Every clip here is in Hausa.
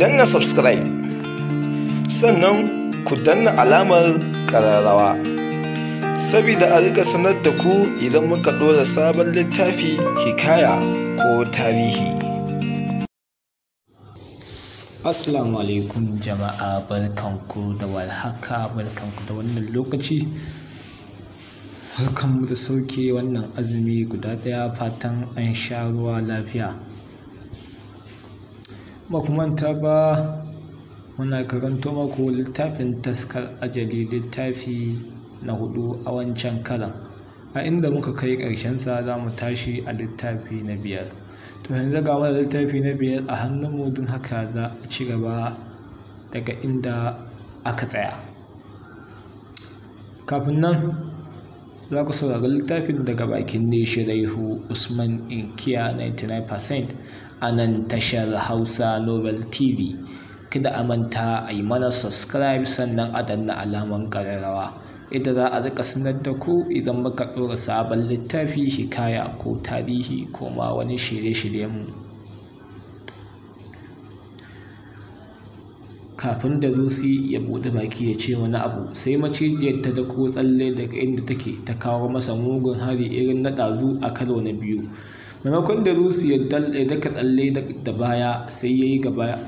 danna subscribe sannan ku danna alamar ƙararrawa saboda a rika sanar da ku idan muka ɗora sabon littafi hikaya ko tarihi Assalamu alaikum jama'a barkanku da warhaka barkanku da wannan lokaci barkanmu da sauke wannan azumi guda ɗaya fatan an sha ruwa lafiya makumanta ba muna karanto maku littafin taskar ajali littafi na hudu a wancan kalan a inda muka kai ƙarshensa za mu tashi a littafi na biyar to yanzu ga wani littafi na biyar a hannunmu don haka za a ci gaba daga inda aka tsaya kafin nan za ku saurari littafin daga bakin ne shiraihu usman inkiya 99% a nan tashar hausa novel tv kada a manta a yi mana subscribe sannan a danna alaman ƙararrawa ita za a rika sanar da ku idan muka ɗora sabon littafi hikaya ko tarihi ko ma wani shirye-shiryen mu kafin da rusi ya buɗe baki ya ce wani abu sai macijiyar ta ko tsalle daga inda take ta kawo masa mugun hari irin na ɗazu a karo na biyu maimakon da rusi ya daka tsalle da baya sai ya yi gaba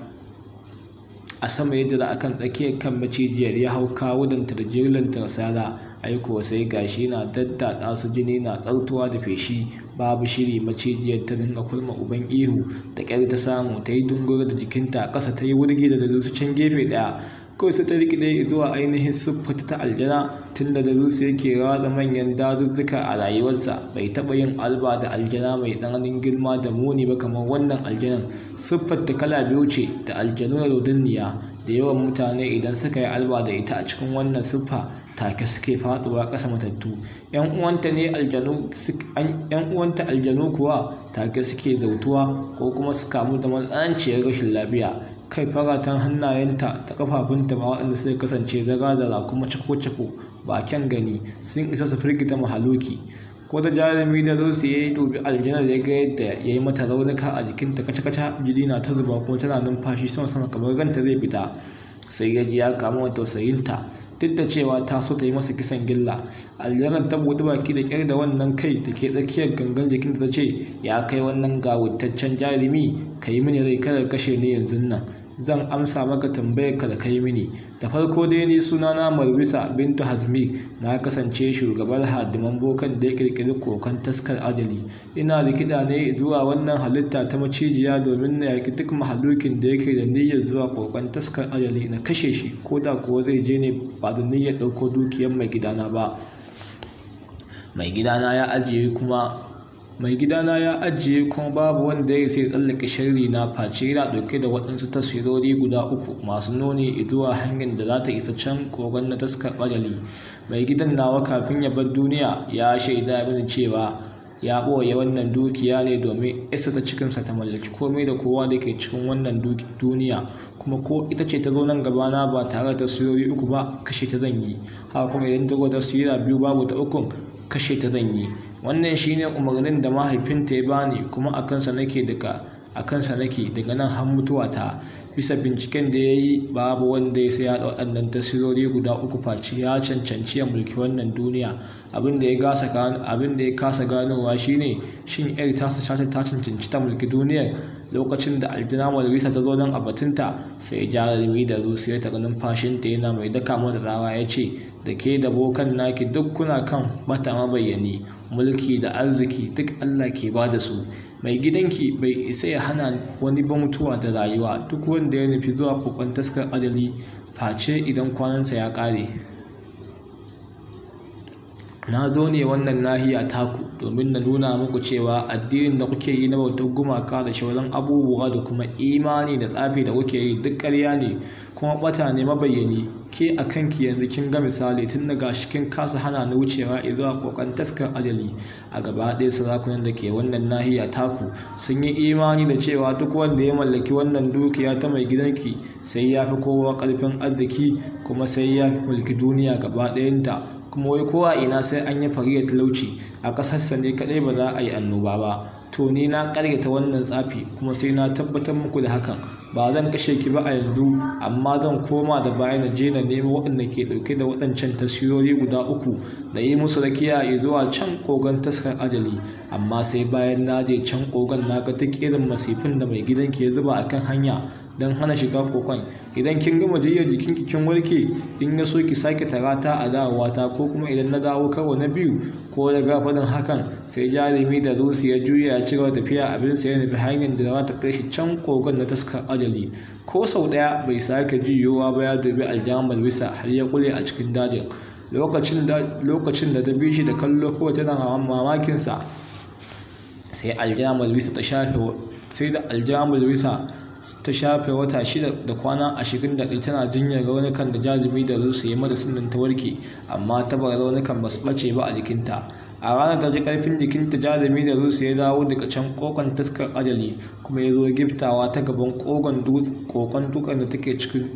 a sama ya dira akan tsakiyar kan macijiyar ya hau kawo da tarjilan tarsara aiko sai gashi na daddaka su jini na tsartuwa da feshi babu shiri macijiyar ta dinga kulma uban ihu da ƙyar ta samu ta yi dungura da jikinta ƙasa ta yi wurgi da su can gefe ɗaya kawai su ta rikide zuwa ainihin siffata ta aljana tun da darusu yake rada manyan dazuzzuka a rayuwarsa bai taɓa yin alba da aljana mai tsananin girma da muni ba kamar wannan aljanan siffata ta kala biyu ce da aljanu da rodinniya da yawan mutane idan suka yi alba da ita a cikin wannan siffa take suke faduwa ƙasa matattu yan uwanta ne aljanu yan uwanta aljanu kuwa take suke zautuwa ko kuma su kamu da matsananciyar rashin lafiya kai faratan hannayenta da kafafunta ba waɗanda sai kasance zara-zara kuma cako-cako ba kyan gani sun isa su firgita mahaluki ko da jarumi da zo ya yi dubi aljanar ya ga yadda ya yi mata raunuka a jikinta kaca-kaca jiri na ta zuba kuma tana numfashi sama-sama kamar ganta zai fita sai ya ji ya kama wa tausayinta duk da cewa ta so ta yi masa kisan gilla aljanar ta buɗe baki da kyar da wannan kai da ke tsakiyar gangan jikin ta ce ya kai wannan gawutaccen jarumi ka yi mini rai kada kashe ni yanzu nan zan amsa maka tambayar ka da kai mini da farko dai ni sunana marwisa bintu hazmi na kasance shugabar hadiman bokan da ya kirkiri kokon taskar adali ina rikida ne zuwa wannan halitta ta macijiya domin na yaki duk mahalukin da yake da niyyar zuwa kokan taskar adali na kashe shi ko da kuwa zai je ne ba da niyyar ɗauko dukiyar mai gidana ba mai gidana ya ajiye kuma mai gidana ya ajiye kuma babu wanda ya sai tsallake sharri na face yana dauke da waɗansu tasirori guda uku masu nuni zuwa hanyar da za ta isa can kogon na taskar ɓadali. mai gidan nawa kafin ya bar duniya ya shaida mini cewa ya ɓoye wannan dukiya ne domin isa ta cikinsa ta mallaki komai da kowa da ke cikin wannan duniya kuma ko ita ce ta zo nan gabana ba tare da taswirori uku ba kashe ta zan yi haka kuma idan ta taswira biyu babu ta ukun kashe ta zan yi wannan shine umarnin da mahaifinta ya bani kuma a kansa nake daga a kansa nake daga nan har mutuwa ta bisa binciken da ya yi babu wanda ya saya waɗannan tasirori guda uku face ya cancanci ya mulki wannan duniya abin da ya kasa ganowa shine shin yar tasa shata ta cancanci ta mulki duniyar lokacin da aljina malarisa ta zo a batunta. sai jarumi da rusiyar ta ganin ta yana mai daka mata rawa ya ce da ke da bokan naki duk kuna kan mata mabayani mulki da arziki duk Allah ke ba da su mai gidanki bai isa ya hana wani ba mutuwa da rayuwa duk wanda ya nufi zuwa kokon taskar adali face idan kwanansa ya ƙare na zo ne wannan nahiya taku domin na nuna muku cewa addinin da kuke yi na bautar gumaka da shauran abubuwa da kuma imani da tsafi da kuke yi duk karya ne kuma bata ne mabayyani ke a kanki yanzu kin ga misali tun daga shi kin kasa hana ni wucewa zuwa kokan taskar adali a gaba ɗaya sarakunan da ke wannan nahiya taku sun yi imani da cewa duk wanda ya mallaki wannan dukiya ta mai gidanki sai ya fi kowa karfin arziki kuma sai ya mulki duniya gaba ɗayanta kuma wai kowa ina sai an yi fariyar talauci a ƙasarsa ne kaɗai ba za a yi annoba ba to ni na ƙaryata wannan tsafi kuma sai na tabbatar muku da hakan ba zan kashe ki ba a yanzu amma zan koma da baya na je na nemo waɗanda ke ɗauke da waɗancan tasirori guda uku da yi musu rakiya ya zuwa can kogon taskar ajali amma sai bayan na je can kogon na ga duk irin masifin da mai gidan ke zuba a kan hanya don hana shiga kokon idan kin gama jiyyar jikinki kin warke in ya so ki sake tarata a dawowa ta ko kuma idan na dawo karo na biyu ko da gafadin hakan sai jarumi da rusi ya juya ya cigaba tafiya abin sa ya nufi hanyar da za ta kai shi can kogon na taskar ajali ko sau ɗaya bai sake jiyowa ba ya dubi aljamar bisa har ya kule a cikin dajin lokacin da ta bi shi da kallo kawai tana mamakinsa sai aljamar bisa ta shafe sai da aljamar bisa ta shafe wata shida da kwana ashirin da ɗaya tana jinyar raunukan da jarumi da zuwa ya mata sunan ta warke amma bar raunukan ba su ɓace ba a jikinta a ranar da ji ƙarfin jikinta jarumi da zuwa ya dawo daga can kokon taskar ajali kuma ya zo giftawa ta gaban kokon dukan da take cikin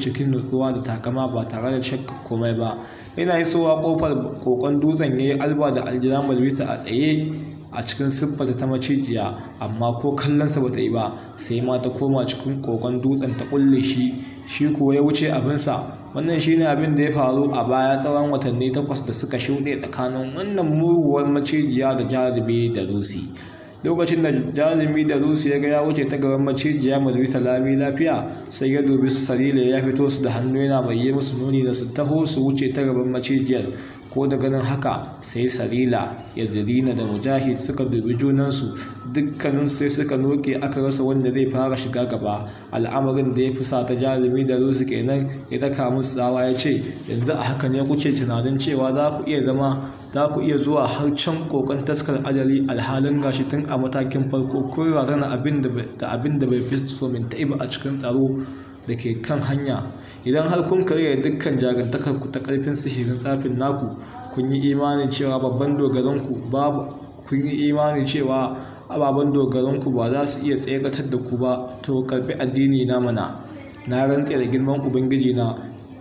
cikin nutsuwa da takama ba tare da shakka komai ba yana isowa kofar kokon dutsen ya yi alba da aljira malwisa a tsaye a cikin siffata ta macijiya amma ko kallonsa bata yi ba sai ma ta koma cikin kogon dutsen ta kulle shi shi kuwa ya wuce abinsa wannan shine abin da ya faru a baya tsawon watanni takwas da suka shuɗe tsakanin wannan muguwar macijiya da jarumi da rusi lokacin da jarumi da rusi ya ga ya wuce ta gaban macijiya mai salami lafiya sai ya dubi su salila ya fito su da hannu yana mai yi musu nuni da su taho su wuce ta gaban macijiyar ko da ganin haka sai sarila ya zirina da mujahid suka dubi junansu dukkanin sai suka noke aka rasa wanda zai fara shiga gaba al'amarin da ya sa ta jarumi da rusu kenan ya daka musu tsawa ya ce yanzu a haka ne kuke tunanin cewa za ku iya zama za ku iya zuwa har can kokon taskar ajali alhalin gashi tun a matakin farko kun rarana abin da bai fi so min ta'iba a cikin tsaro da ke kan hanya idan har kun karya dukkan jagantakar ku ta karfin sihirin tsafin naku kun yi imanin cewa babban ku babu kun yi imanin cewa ababen dogaranku ba za su iya tseratar da ku ba to karbi addini na mana na rantse da girman ubangiji na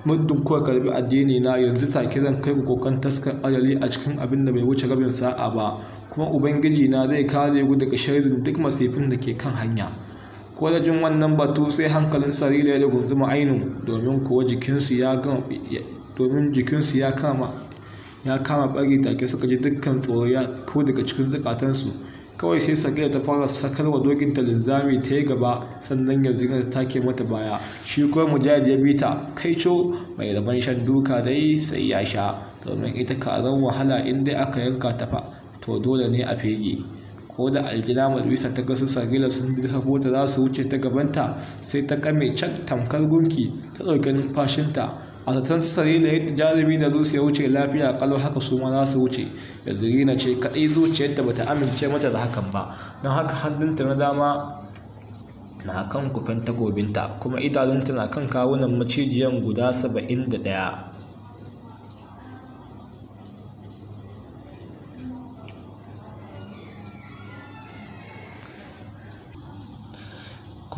muddin kuwa karbi addini na yanzu take zan kai ku kokan taskar ajali a cikin abin da bai wuce rabin sa'a ba kuma ubangiji na zai kare ku daga shaidun duk masifin da ke kan hanya ko wannan batu sai hankalin sarila ya lagunzu ma'ainu domin kuwa jikinsu ya domin jikinsu ya kama ya kama bari take suka ji dukkan tsoro ya ko daga cikin zakatansu kawai sai da ta fara sakarwa dokin ta linzami ta yi gaba sannan yanzu ta take mata baya shi kuma mujahid ya bi ta kai co mai rabon shan duka dai sai ya sha domin ita karan wahala in dai aka yanka ta to dole ne a fege ko da aljina majalisa ta ga su sagila sun bi ta za su wuce ta gabanta sai ta kame cak tamkar gunki ta ɗauki numfashinta a zaton su yadda jarumi da zuci ya wuce lafiya kalau haka su ma za su wuce da na ce kaɗai zuciyarta ta amince mata da hakan ba don haka hannunta na dama na kan kufin takobinta kuma idanunta na kan kawunan macijiyan guda saba'in da ɗaya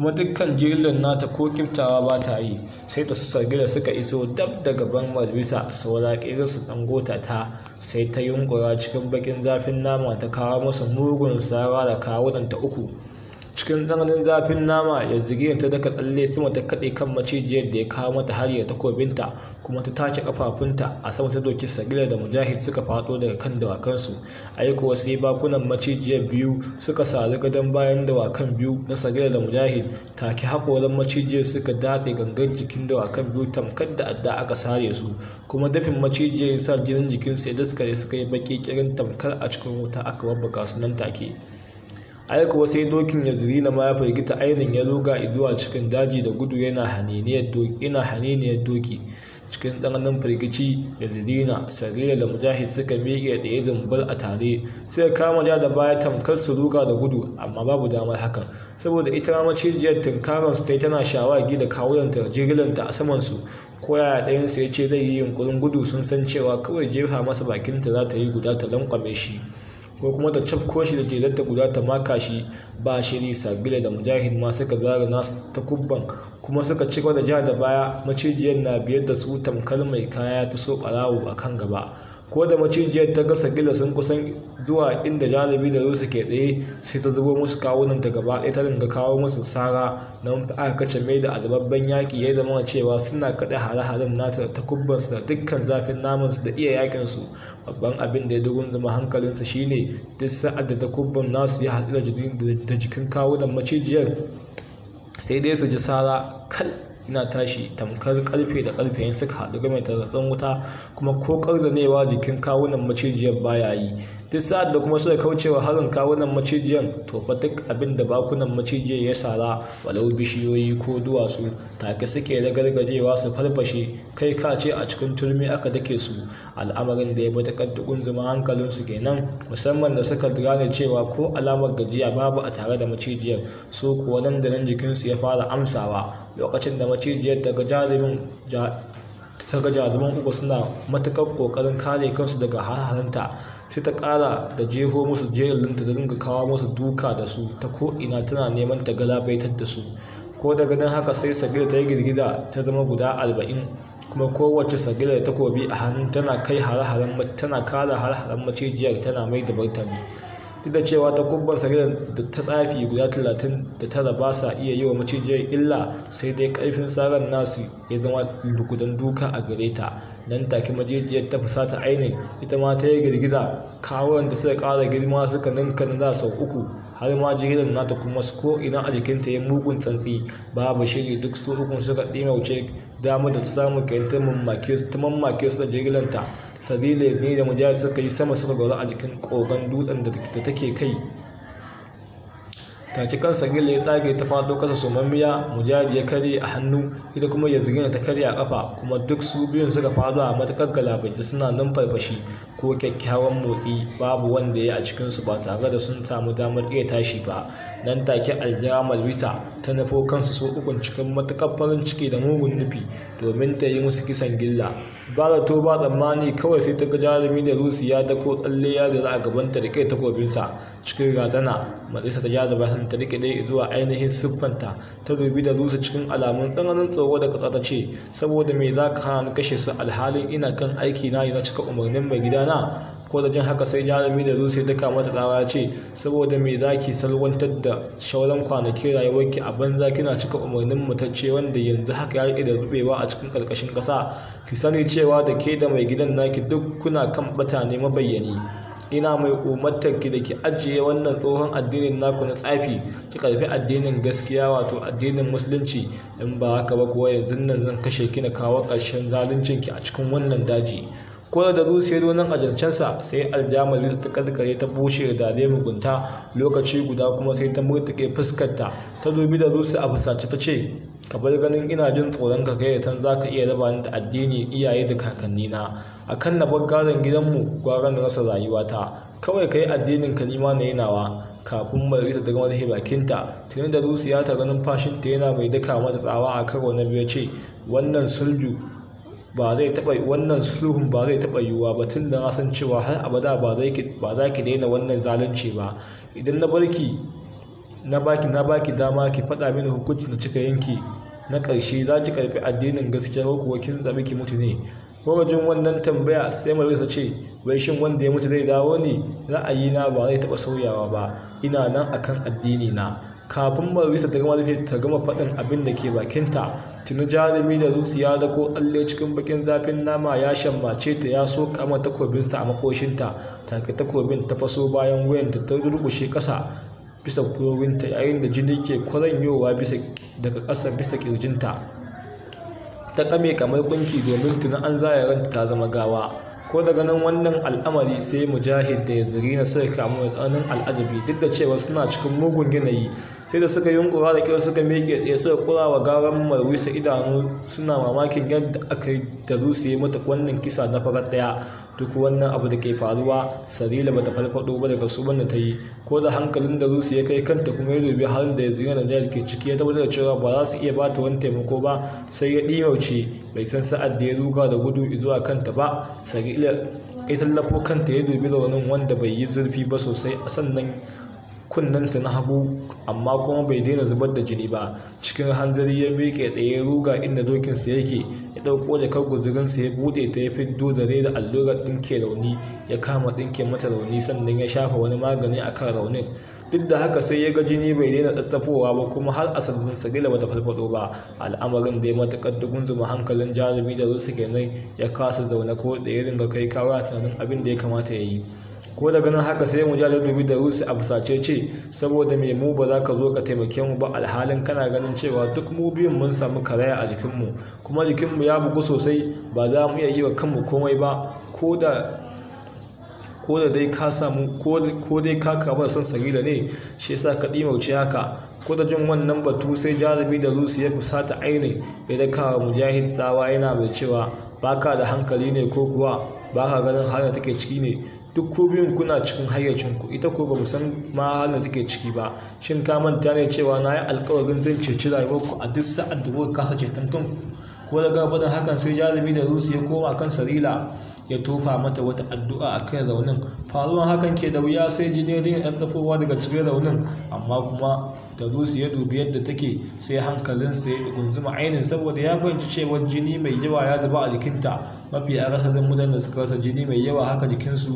kuma dukkan jirgin nata ko kimtawa ba ta yi sai da sassarge da suka iso dab da gaban majalisa saura kirin su gota ta sai ta yunkura cikin bakin zafin nama ta kawo masa mugun sara da kawunan ta uku cikin tsananin zafin nama ya zige ta daga tsalle sama ta kaɗe kan macijiyar da ya kawo mata hari da takobinta kuma ta tace kafafunta a sama ta doki sagila da mujahid suka faɗo daga kan dawakansu aiko sai bakunan macijiyar biyu suka sadu gadon bayan dawakan biyu na sagila da mujahid take haƙoran macijiyar suka datse gangan jikin dawakan biyu tamkar da adda aka sare su kuma dafin macijiyar sa jinin jikinsu ya daskare suka yi baki kirin tamkar a cikin wuta aka babbaka su nan take aiko sai dokin ya ziri na ma ya firgita ainihin ya ruga zuwa cikin daji da gudu yana haniniyar doki cikin tsananin firgici ya zirina sarira da mujahid suka miƙe ɗaya zumbul a tare sai kama ja da baya tamkar su ruga da gudu amma babu damar hakan saboda ita ma macijiyar tinkaron su tana shawagi da ta jirgin ta a saman su ko yaya ɗayansu ya ce zai yi yunkurin gudu sun san cewa kawai jefa masa bakinta za ta yi guda ta lankwame shi ko kuma ta cafko shi da jelarta guda ta maka shi ba shiri sabila da mujahid ma suka zara nasu ta kubban kuma suka ci da jihar da baya macijiyar na biyar da su tamkar mai kaya ta so a kan gaba ko da macijiyar ta gasa gila sun kusan zuwa inda jalibi da rusu ke tsaye sai ta zubo musu kawunan ta gaba ɗaya ta dinga kawo musu sara nan aka kace mai da albabban yaƙi ya zama cewa suna kaɗa hare-haren nata da takubbansu da dukkan zafin namansu da iya yaƙinsu babban abin da ya dugun zama hankalinsa shine duk sa'ad da takubban nasu ya hatsi da jikin kawunan macijiyar sai dai su ji sara kal ina tashi tamkar karfe da karfe in suka haɗu gama da wuta kuma ko ƙardanewa jikin kawunan macijiyar baya yi duk sa'ad da kuma suka kaucewa harin kawunan macijiyan to fa duk abin da bakunan macijiyar ya sara walau bishiyoyi ko duwatsu take suke ragargajewa su farfashe kai ka ce a cikin turmi aka dake su al'amarin da ya matuƙar dukun zama hankalinsu kenan musamman da suka gane cewa ko alamar gajiya babu a tare da macijiyar su kuwa nan da nan jikinsu ya fara amsawa lokacin da macijiyar daga jarumin ta ga jaruman uku suna matuƙar ƙoƙarin kare kansu daga harharinta. sai ta ƙara da jeho musu jelinta da dinga kawo musu duka da su ta ko'ina tana neman ta galabaitar da su ko da ganin haka sai sagila ta yi girgida ta zama guda arba'in kuma kowace sagila da takobi a hannu tana kai hare-haren tana kara hare macijiyar tana mai da martani duk da cewa ta kubban sagirar da ta tsafi guda talatin da tara ba sa iya yi wa macijiyar illa sai dai karfin tsaron nasu ya zama lukudan duka a gare ta nan take majijiyar ta fusata ainihin ita ma ta yi girgiza kawon da suka kara girma suka ninka na sau uku har ma na nata kuma ko ina a jikinta ya mugun tsantsi babu shiri duk su ukun suka wuce damar da ta samu kayan ta mamake su ta sabila ne da mujahid suka yi sama suka gauru a jikin kogon dutsen da take kai ta kan sabila ya tsage ta fado kasa somammiya mujahid ya kare a hannu ita kuma ya zigina ta kare a kafa kuma duk su biyun suka fado a matakar galabaita suna nan farfashi ko kyakkyawan motsi babu wanda ya a cikinsu ba tare da sun samu damar iya tashi ba nan take aljamal wisa ta nufo kansu so ukun cikin matukar farin ciki da mugun nufi domin ta yi musu kisan gilla ba da to ba tsammani kawai sai ta ga jarumi da rusi ya dako tsalle ya da a gabanta da kai takobinsa cikin razana matsayinsa ta ja ta rike dai zuwa ainihin siffanta ta dubi da rusa cikin alamun tsananin tsoro da katsa ta ce saboda me za ka hana kashe su alhalin ina kan aiki na yi na cika umarnin mai gidana ko da jin haka sai jarumi da rusi duka mata ya ce saboda me za ki salwantar da shauran kwanakin rayuwarki a banza kina cika umarnin ce wanda yanzu haka ya rike da rubewa a cikin karkashin ƙasa ki sani cewa da ke da mai gidan naki duk kuna kan bata ne mabayyani ina mai umartar ki da ki ajiye wannan tsohon addinin naku na tsafi ki karbi addinin gaskiya wato addinin musulunci in ba haka ba kuwa yanzu nan zan kashe ki na kawo ƙarshen zaluncin ki a cikin wannan daji kola da ya rusiya donan ajancensa sai aljamali ta karkare ta bushe da ne mugunta lokaci guda kuma sai ta murtuke fuskarta ta dubi da rusu a fusace ta ce ka bar ganin ina jin tsoron ka kai tan za ka iya raba ni da addini iyaye da kakannina a kan na bar garin gidanmu gwaran da rasa rayuwata kawai ka yi addinin ka nima na yinawa kafin margarita daga gama bakinta tuni da rusiya ta ganin fashinta yana mai daka mata tsawa a karo na biyu ce wannan sulju ba zai taɓa wannan sulhun ba zai taɓa yiwuwa ba tun da na san cewa har abada ba za ki daina wannan zalunci ba idan na barki na baki na baki dama ki faɗa mini hukuncin da cika yanki na ƙarshe za ki karɓi addinin gaskiya ko kuwa kin zaɓi ki mutu ne wajen wannan tambaya sai marisa ce wai shin wanda ya mutu zai dawo ne ra'ayina ba zai taɓa sauyawa ba ina nan akan addini na kafin marisa ta gama faɗin abin da ke bakinta tuni jarumi da zuciya da ko tsalle cikin bakin zafin nama ya shammace ta ya so kama takobinsa a makoshinta take takobin ta faso bayan wayanta ta durkushe kasa bisa kurowinta yayin da jini ke kwaranyowa bisa daga ƙasa bisa kirjinta ta kame kamar kunki domin tuni an zaya ranta ta zama gawa ko da ganin wannan al'amari sai mujahid da ya na sai kamar da tsananin al'ajabi duk da cewa suna cikin mugun yanayi sai da suka yunkura da kyau suka meke tsaye suka kura wa garan marwisa idanu suna mamakin yadda aka yi da ya mata wannan kisa na farar daya duk wannan abu da ke faruwa sarila bata farfado ba daga su ta yi ko da hankalin da rusu ya kai kanta kuma ya dubi har da ya da jihar ke ciki ya tabbatar da cewa ba za su iya bata wani taimako ba sai ya ɗimauce bai san sa'ad da ya ruga da gudu zuwa kanta ba sarila ya tallafo kanta ya dubi raunin wanda bai yi zurfi ba sosai sannan ta na hagu amma kuma bai daina zubar da jini ba cikin hanzari ya miƙe tsaye ruga inda dokinsa yake ya ɗauko da kan guzurinsa ya buɗe ta ya fi zare da allurar ɗinke rauni ya kama ɗinke mata rauni sannan ya shafa wani magani a kan raunin duk da haka sai ya ga jini bai daina tsattafowa ba kuma har a sa sagila bata farfado ba al'amarin da ya matakar dugun zuma hankalin jarumi da ke kenan ya kasa zaune ko da ya ringa kai a tunanin abin da ya kamata ya yi ko da ganin haka sai mu ya dubi da rusi a fusace ce saboda me mu ba za ka zo ka taimake mu ba alhalin kana ganin cewa duk mu biyun mun samu karaya a jikinmu kuma jikinmu ya bugu sosai ba za mu iya yi wa kanmu komai ba ko da ko da dai ka samu ko dai ka kamu da son sabila ne shi yasa ka dimauce haka ko da jin wannan batu sai jarumi da rusi ya sata aini ya daka mujahid tsawa yana mai cewa baka da hankali ne ko kuwa baka ganin halin take ciki ne duk ku biyun kuna cikin hayyacinku ita ko ba san ma halin da take ciki ba shin ka manta ne cewa na yi alkawarin zan ceci rayuwarku a duk sa'ad da kuka kasa ceton kanku ko daga gabadin hakan sai jarumi da rusu ya koma kan sarila ya tofa mata wata addu'a a kan raunin faruwar hakan ke da wuya sai jini ya dinga ɗan tsafowa daga cikin raunin amma kuma ta su ya dubi yadda take sai hankalinsa ya gunzuma ainihin saboda ya fahimci cewa jini mai yawa ya zuba a jikinta mafi rasa zan da suka rasa jini mai yawa haka jikinsu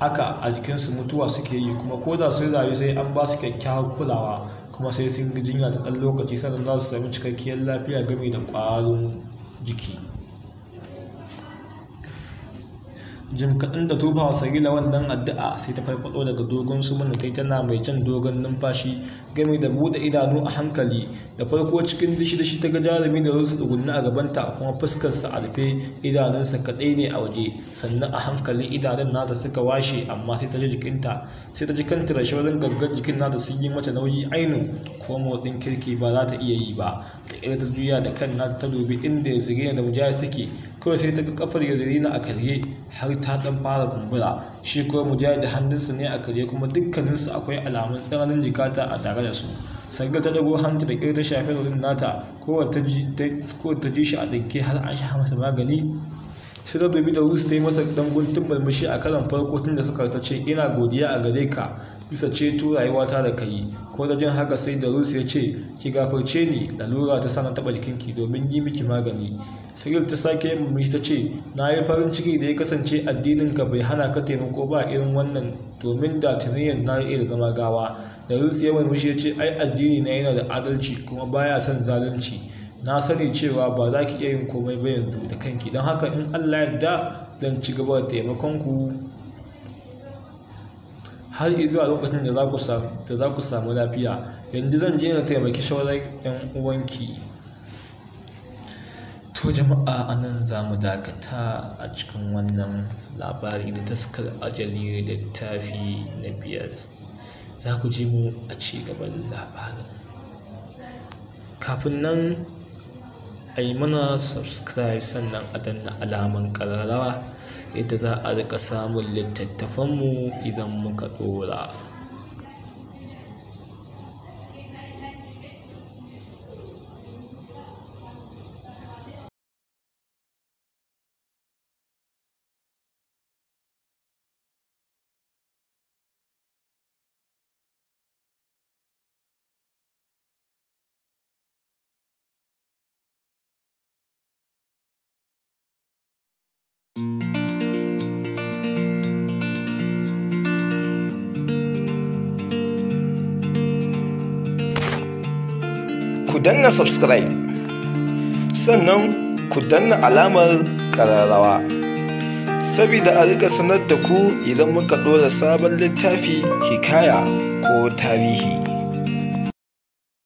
haka a jikinsu mutuwa suke yi kuma ko da sun rayu sai an ba su kyakkyawar kulawa kuma sai sun jinya ta ɗan lokaci sannan za su sami cikakkiyar lafiya game da ƙwarin jiki jim kaɗan da tufawa sarila wannan addu'a sai ta farfaɗo daga dogon suman da tana mai can dogon numfashi game da buɗe idanu a hankali da farko cikin dishi-dishi ta ga jarumi da su tsugunni a gabanta kuma fuskarsa a rufe idanunsa kaɗai ne a waje sannan a hankali idanun nata suka washe amma sai ta ji jikinta sai ta ji kanta da shawarar gangar jikin da sun yi mata nauyi ainu ko motsin kirki ba za ta iya yi ba da ta juya da kan nata ta dubi inda ya zage da mujahid suke kawai sai ta ga kafar yazirina a karye har ta dan fara kumbura shi kuma mujahid da hannunsa ne a karye kuma dukkaninsu akwai alamun tsananin jikata a tare da su sargar ta dago hanta da ta shafe wurin nata kowace ta ji shi a ɗanke har an sha masa magani sai dubi da rusu ta yi masa dangun guntun mashi a karon farko tun da suka ta ce ina godiya a gare ka bisa ceto rayuwata da ka yi ko da jin haka sai da rusu ya ce ki gafarce ni lalura ta sana taɓa ki domin yi miki magani siril ta sake yin murmushi ta ce na yi farin ciki da ya kasance addininka bai hana ka taimako ba irin wannan domin da tuniyan na da zama gawa da rusu ya murmushi ya ce ai addini na yana da adalci kuma baya son zalunci na sani cewa ba za ki iya yin komai ba yanzu da kanki don haka in allah yarda zan ci gaba da taimakon ku har zuwa lokacin da za ku samu lafiya yanzu zan je na taimaki shawarar yan uwanki to jama'a anan za mu dakata a cikin wannan labari da taskar ajali da tafi na biyar za ku ji mu a ci gaban labarin kafin nan a yi mana subscribe sannan a danna alaman ƙararrawa yadda za a rika samun littattafanmu idan muka ɗora thank you ku danna subscribe sannan ku danna alamar ƙararrawa saboda a rika sanar da ku idan muka ɗora sabon littafi hikaya ko tarihi